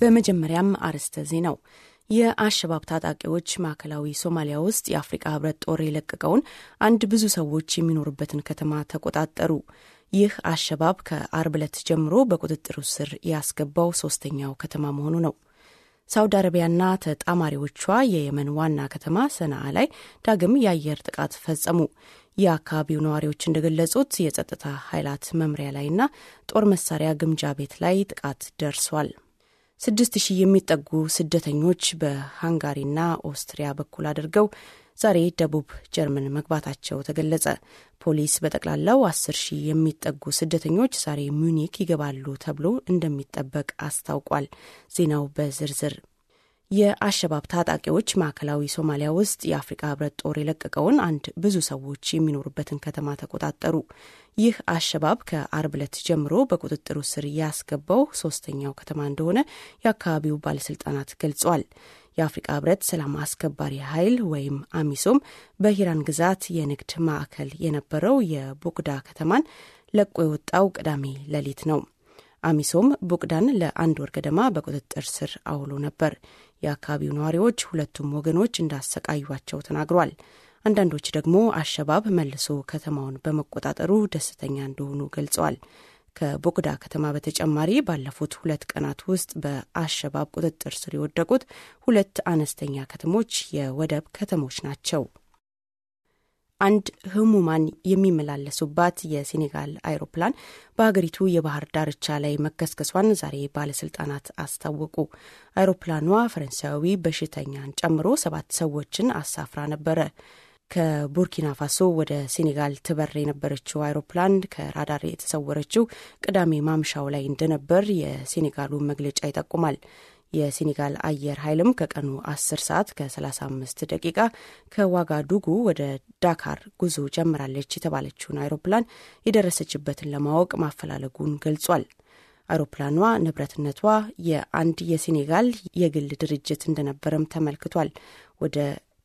በመጀመሪያም አርዕስተ ዜናው የአሸባብ ታጣቂዎች ማዕከላዊ ሶማሊያ ውስጥ የአፍሪቃ ህብረት ጦር የለቀቀውን አንድ ብዙ ሰዎች የሚኖሩበትን ከተማ ተቆጣጠሩ። ይህ አሸባብ ከአርብ ዕለት ጀምሮ በቁጥጥሩ ስር ያስገባው ሶስተኛው ከተማ መሆኑ ነው። ሳውዲ አረቢያና ተጣማሪዎቿ የየመን ዋና ከተማ ሰናአ ላይ ዳግም የአየር ጥቃት ፈጸሙ። የአካባቢው ነዋሪዎች እንደገለጹት የጸጥታ ኃይላት መምሪያ ላይና ጦር መሳሪያ ግምጃ ቤት ላይ ጥቃት ደርሷል። ስድስት ሺህ የሚጠጉ ስደተኞች በሃንጋሪና ኦስትሪያ በኩል አድርገው ዛሬ ደቡብ ጀርመን መግባታቸው ተገለጸ። ፖሊስ በጠቅላላው አስር ሺህ የሚጠጉ ስደተኞች ዛሬ ሚኒክ ይገባሉ ተብሎ እንደሚጠበቅ አስታውቋል። ዜናው በዝርዝር የአሸባብ ታጣቂዎች ማዕከላዊ ሶማሊያ ውስጥ የአፍሪካ ህብረት ጦር የለቀቀውን አንድ ብዙ ሰዎች የሚኖሩበትን ከተማ ተቆጣጠሩ። ይህ አሸባብ ከአርብ ዕለት ጀምሮ በቁጥጥሩ ስር ያስገባው ሶስተኛው ከተማ እንደሆነ የአካባቢው ባለስልጣናት ገልጿል። የአፍሪቃ ህብረት ሰላም አስከባሪ ኃይል ወይም አሚሶም በሂራን ግዛት የንግድ ማዕከል የነበረው የቡቅዳ ከተማን ለቆ የወጣው ቅዳሜ ሌሊት ነው። አሚሶም ቡቅዳን ለአንድ ወር ገደማ በቁጥጥር ስር አውሎ ነበር። የአካባቢው ነዋሪዎች ሁለቱም ወገኖች እንዳሰቃዩቸው ተናግሯል። አንዳንዶች ደግሞ አሸባብ መልሶ ከተማውን በመቆጣጠሩ ደስተኛ እንደሆኑ ገልጸዋል። ከቦቅዳ ከተማ በተጨማሪ ባለፉት ሁለት ቀናት ውስጥ በአሸባብ ቁጥጥር ስር የወደቁት ሁለት አነስተኛ ከተሞች የወደብ ከተሞች ናቸው። አንድ ህሙማን የሚመላለሱባት የሴኔጋል አይሮፕላን በሀገሪቱ የባህር ዳርቻ ላይ መከስከሷን ዛሬ ባለስልጣናት አስታወቁ። አይሮፕላኗ ፈረንሳያዊ በሽተኛን ጨምሮ ሰባት ሰዎችን አሳፍራ ነበረ። ከቡርኪና ፋሶ ወደ ሴኔጋል ትበር የነበረችው አይሮፕላን ከራዳር የተሰወረችው ቅዳሜ ማምሻው ላይ እንደነበር የሴኔጋሉ መግለጫ ይጠቁማል። የሴኔጋል አየር ኃይልም ከቀኑ 10 ሰዓት ከ35 ደቂቃ ከዋጋ ዱጉ ወደ ዳካር ጉዞ ጀምራለች የተባለችውን አይሮፕላን የደረሰችበትን ለማወቅ ማፈላለጉን ገልጿል። አይሮፕላኗ ንብረትነቷ የአንድ የሴኔጋል የግል ድርጅት እንደነበረም ተመልክቷል። ወደ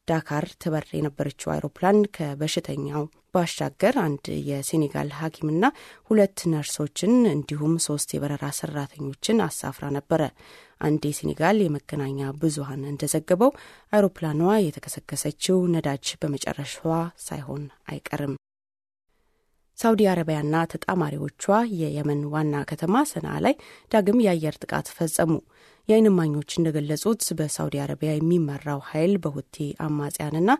ዳካር ትበር የነበረችው አውሮፕላን ከበሽተኛው ባሻገር አንድ የሴኔጋል ሐኪምና ሁለት ነርሶችን እንዲሁም ሶስት የበረራ ሰራተኞችን አሳፍራ ነበረ። አንድ የሴኔጋል የመገናኛ ብዙኃን እንደዘገበው አውሮፕላኗ የተከሰከሰችው ነዳጅ በመጨረሻዋ ሳይሆን አይቀርም። ሳውዲ አረቢያና ተጣማሪዎቿ የየመን ዋና ከተማ ሰና ላይ ዳግም የአየር ጥቃት ፈጸሙ። የአይንማኞች እማኞች እንደገለጹት በሳውዲ አረቢያ የሚመራው ኃይል በሁቲ አማጽያንና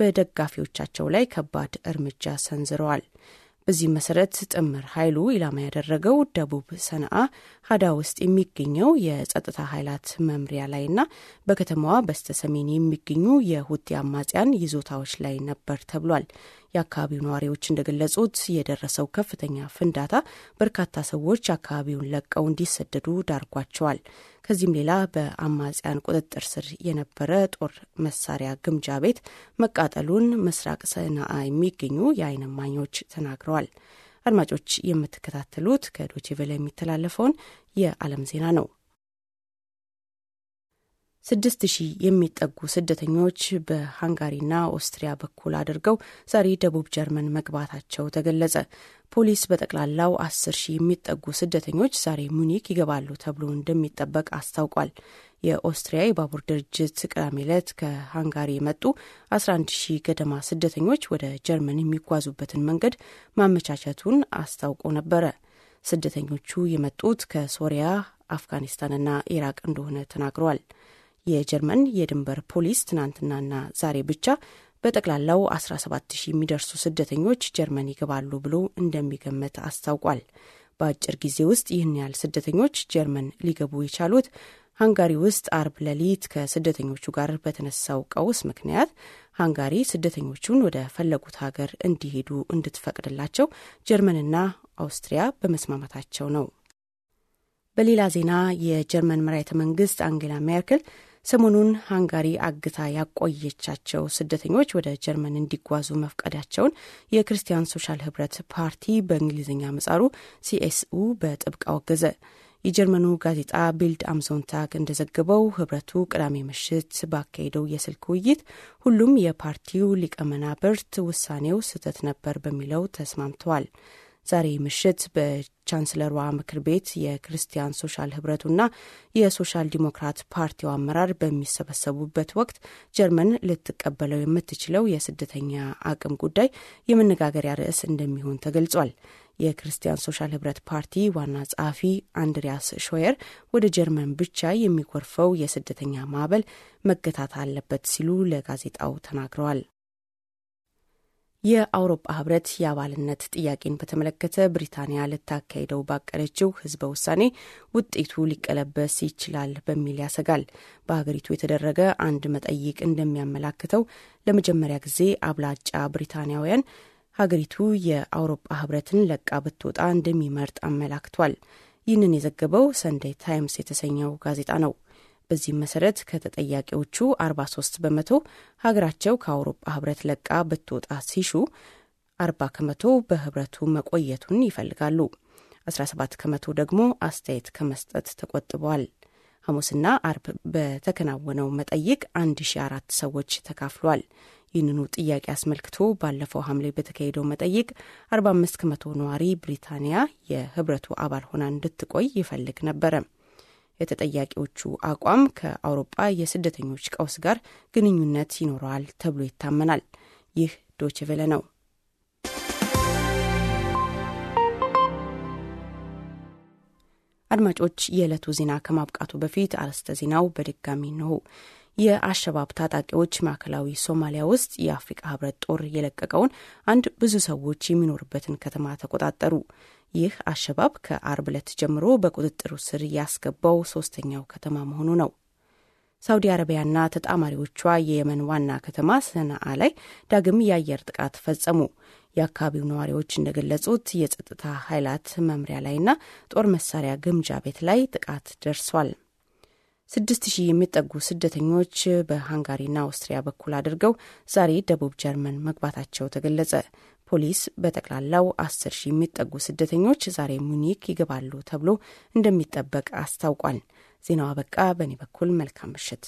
በደጋፊዎቻቸው ላይ ከባድ እርምጃ ሰንዝረዋል። በዚህ መሰረት ጥምር ኃይሉ ኢላማ ያደረገው ደቡብ ሰነአ ሀዳ ውስጥ የሚገኘው የጸጥታ ኃይላት መምሪያ ላይና በከተማዋ በስተ ሰሜን የሚገኙ የሁቲ አማጽያን ይዞታዎች ላይ ነበር ተብሏል። የአካባቢው ነዋሪዎች እንደገለጹት የደረሰው ከፍተኛ ፍንዳታ በርካታ ሰዎች አካባቢውን ለቀው እንዲሰደዱ ዳርጓቸዋል። ከዚህም ሌላ በአማጽያን ቁጥጥር ስር የነበረ ጦር መሳሪያ ግምጃ ቤት መቃጠሉን ምስራቅ ሰንዓ የሚገኙ የዓይን እማኞች ተናግረዋል። አድማጮች የምትከታተሉት ከዶቼ ቬለ የሚተላለፈውን የዓለም ዜና ነው። ስድስት ሺህ የሚጠጉ ስደተኞች በሃንጋሪና ኦስትሪያ በኩል አድርገው ዛሬ ደቡብ ጀርመን መግባታቸው ተገለጸ። ፖሊስ በጠቅላላው አስር ሺህ የሚጠጉ ስደተኞች ዛሬ ሙኒክ ይገባሉ ተብሎ እንደሚጠበቅ አስታውቋል። የኦስትሪያ የባቡር ድርጅት ቅዳሜ ዕለት ከሃንጋሪ የመጡ 11 ሺህ ገደማ ስደተኞች ወደ ጀርመን የሚጓዙበትን መንገድ ማመቻቸቱን አስታውቆ ነበረ። ስደተኞቹ የመጡት ከሶሪያ፣ አፍጋኒስታንና ኢራቅ እንደሆነ ተናግረዋል። የጀርመን የድንበር ፖሊስ ትናንትናና ዛሬ ብቻ በጠቅላላው 170 የሚደርሱ ስደተኞች ጀርመን ይገባሉ ብሎ እንደሚገመት አስታውቋል። በአጭር ጊዜ ውስጥ ይህን ያህል ስደተኞች ጀርመን ሊገቡ የቻሉት ሃንጋሪ ውስጥ አርብ ሌሊት ከስደተኞቹ ጋር በተነሳው ቀውስ ምክንያት ሃንጋሪ ስደተኞቹን ወደ ፈለጉት ሀገር እንዲሄዱ እንድትፈቅድላቸው ጀርመንና አውስትሪያ በመስማማታቸው ነው። በሌላ ዜና የጀርመን መራሒተ መንግስት አንጌላ ሜርክል ሰሞኑን ሃንጋሪ አግታ ያቆየቻቸው ስደተኞች ወደ ጀርመን እንዲጓዙ መፍቀዳቸውን የክርስቲያን ሶሻል ህብረት ፓርቲ በእንግሊዝኛ ምጻሩ ሲኤስኡ በጥብቅ አወገዘ። የጀርመኑ ጋዜጣ ቢልድ አምዞንታግ እንደዘገበው ህብረቱ ቅዳሜ ምሽት ባካሄደው የስልክ ውይይት ሁሉም የፓርቲው ሊቀመናብርት ውሳኔው ስህተት ነበር በሚለው ተስማምተዋል። ዛሬ ምሽት በቻንስለሯ ምክር ቤት የክርስቲያን ሶሻል ህብረቱና የሶሻል ዲሞክራት ፓርቲው አመራር በሚሰበሰቡበት ወቅት ጀርመን ልትቀበለው የምትችለው የስደተኛ አቅም ጉዳይ የመነጋገሪያ ርዕስ እንደሚሆን ተገልጿል። የክርስቲያን ሶሻል ህብረት ፓርቲ ዋና ጸሐፊ አንድሪያስ ሾየር ወደ ጀርመን ብቻ የሚጎርፈው የስደተኛ ማዕበል መገታት አለበት ሲሉ ለጋዜጣው ተናግረዋል። የአውሮፓ ህብረት የአባልነት ጥያቄን በተመለከተ ብሪታንያ ልታካሄደው ባቀረችው ህዝበ ውሳኔ ውጤቱ ሊቀለበስ ይችላል በሚል ያሰጋል። በሀገሪቱ የተደረገ አንድ መጠይቅ እንደሚያመላክተው ለመጀመሪያ ጊዜ አብላጫ ብሪታንያውያን ሀገሪቱ የአውሮፓ ህብረትን ለቃ ብትወጣ እንደሚመርጥ አመላክቷል። ይህንን የዘገበው ሰንዴ ታይምስ የተሰኘው ጋዜጣ ነው። በዚህም መሰረት ከተጠያቂዎቹ 43 በመቶ ሀገራቸው ከአውሮፓ ህብረት ለቃ ብትወጣ ሲሹ 40 ከመቶ በህብረቱ መቆየቱን ይፈልጋሉ። 17 ከመቶ ደግሞ አስተያየት ከመስጠት ተቆጥበዋል። ሐሙስና አርብ በተከናወነው መጠይቅ 1004 ሰዎች ተካፍሏል። ይህንኑ ጥያቄ አስመልክቶ ባለፈው ሐምሌ በተካሄደው መጠይቅ 45 ከመቶ ነዋሪ ብሪታንያ የህብረቱ አባል ሆና እንድትቆይ ይፈልግ ነበረ። የተጠያቂዎቹ አቋም ከአውሮጳ የስደተኞች ቀውስ ጋር ግንኙነት ይኖረዋል ተብሎ ይታመናል። ይህ ዶችቬለ ነው። አድማጮች፣ የዕለቱ ዜና ከማብቃቱ በፊት አርዕስተ ዜናው በድጋሚ ነው። የአሸባብ ታጣቂዎች ማዕከላዊ ሶማሊያ ውስጥ የአፍሪቃ ህብረት ጦር የለቀቀውን አንድ ብዙ ሰዎች የሚኖርበትን ከተማ ተቆጣጠሩ። ይህ አሸባብ ከአርብ ዕለት ጀምሮ በቁጥጥሩ ስር ያስገባው ሶስተኛው ከተማ መሆኑ ነው። ሳውዲ አረቢያና ተጣማሪዎቿ የየመን ዋና ከተማ ሰነአ ላይ ዳግም የአየር ጥቃት ፈጸሙ። የአካባቢው ነዋሪዎች እንደገለጹት የጸጥታ ኃይላት መምሪያ ላይና ጦር መሳሪያ ግምጃ ቤት ላይ ጥቃት ደርሷል። ስድስት ሺህ የሚጠጉ ስደተኞች በሃንጋሪና አውስትሪያ በኩል አድርገው ዛሬ ደቡብ ጀርመን መግባታቸው ተገለጸ። ፖሊስ በጠቅላላው አስር ሺህ የሚጠጉ ስደተኞች ዛሬ ሙኒክ ይገባሉ ተብሎ እንደሚጠበቅ አስታውቋል። ዜናው አበቃ። በእኔ በኩል መልካም ምሽት።